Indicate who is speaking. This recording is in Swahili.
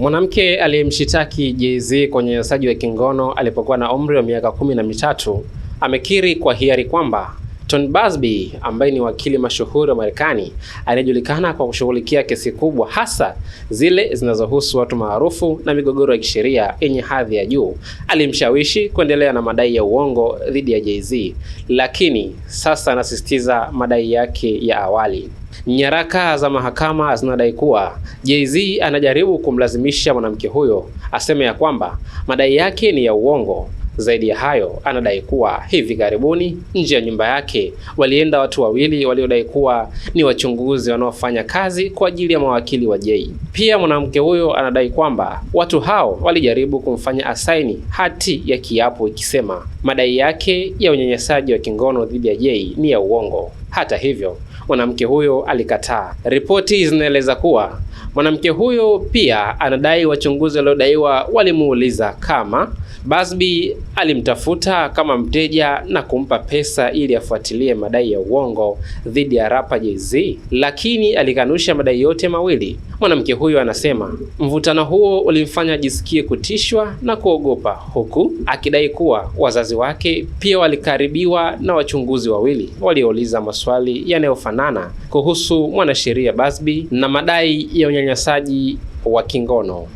Speaker 1: Mwanamke aliyemshitaki Jay-Z kwenye unyanyasaji wa kingono alipokuwa na umri wa miaka kumi na mitatu amekiri kwa hiari kwamba Ton Busby ambaye ni wakili mashuhuri wa Marekani anayejulikana kwa kushughulikia kesi kubwa hasa zile zinazohusu watu maarufu na migogoro ya kisheria yenye hadhi ya juu, alimshawishi kuendelea na madai ya uongo dhidi ya Jay-Z, lakini sasa anasisitiza madai yake ya awali. Nyaraka za mahakama zinadai kuwa Jay-Z anajaribu kumlazimisha mwanamke huyo aseme ya kwamba madai yake ni ya uongo zaidi ya hayo, anadai kuwa hivi karibuni nje ya nyumba yake walienda watu wawili waliodai kuwa ni wachunguzi wanaofanya kazi kwa ajili ya mawakili wa Jay. Pia mwanamke huyo anadai kwamba watu hao walijaribu kumfanya asaini hati ya kiapo ikisema madai yake ya unyanyasaji wa kingono dhidi ya Jay ni ya uongo. Hata hivyo, mwanamke huyo alikataa. Ripoti zinaeleza kuwa Mwanamke huyo pia anadai wachunguzi waliodaiwa walimuuliza kama Busby alimtafuta kama mteja na kumpa pesa ili afuatilie madai ya uongo dhidi ya rapa Jay-Z, lakini alikanusha madai yote mawili. Mwanamke huyo anasema mvutano huo ulimfanya ajisikie kutishwa na kuogopa, huku akidai kuwa wazazi wake pia walikaribiwa na wachunguzi wawili waliouliza maswali yanayofanana kuhusu mwanasheria Busby na madai ya unyanyasaji wa kingono